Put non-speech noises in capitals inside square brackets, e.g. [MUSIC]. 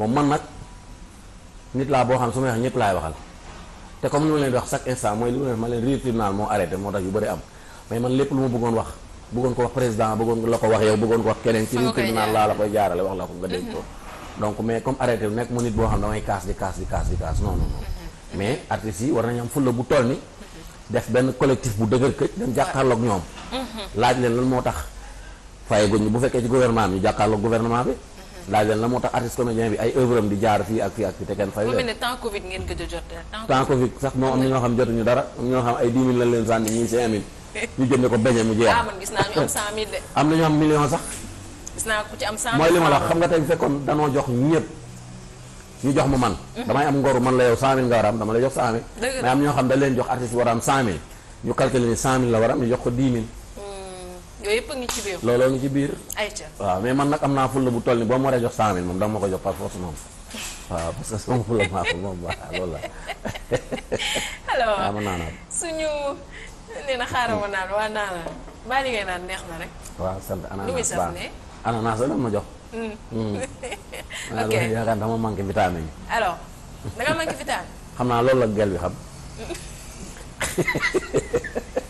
moom man nag nit laa boo xam su may wax ñëpp laay waxal te comme ni ma leen di wax chaque instant mooy li ma leen ma leen réer tribunal moo arrêté moo tax yu bëri am mais man lépp lu ma bëggoon wax bëggoon ko wax président bëggoon la ko wax yow bëggoon ko wax keneen ci réer tribunal laa la koy jaarale wax la ko nga dégg mhm. ko donc mais comme arrêté bu nekk mu nit boo xam damay kaas di kaas di kaas di kaas non non mhm. mais artistes yi war nañu fulla bu toll ni mhm. def benn collectif bu dëgër këj dem moo tax faye guñ bu fekkee ci gouvernement bi ñu jàkkaarloog gouvernement bi laaj leen la moo tax artiste comédien bi ay œuvre am di jaar fii ak fii ak fii te kenn fay ne temps Covid ngeen ñoo am ay 10 000 lañ leen sànni ñuy [LAUGHS] 5000. ñu ko beñe mu jeex. Ah, [LAUGHS] am na ñu am million sax. gis naa ku mooy li ma la xam nga tey fekkoon danoo jox ñëpp. ñu jox ma man. Mm-hmm. damay am ngoru war a am dama lay jox 100000. dëgg la mais am leen jox artiste war a am 100000. jox ko 10 000 yooyu yëpp ngi ci biir. looloo ngi ci biir. waaw mais man nag am naa fulla bu toll nii boo ma war a jox 100000 moom dama ma ko jox par force moom waaw parce que la. alors waaw ma naanaan. suñu nee xaaral ma naan waa naanaan baa li ngay naan neex na ne ananas la ma jox. Hmm. Hmm. [LAUGHS] ok yaakaar dama manqué vitamine. alors da nga manqué vitamine. xam naa loolu la gel bi xam. [LAUGHS]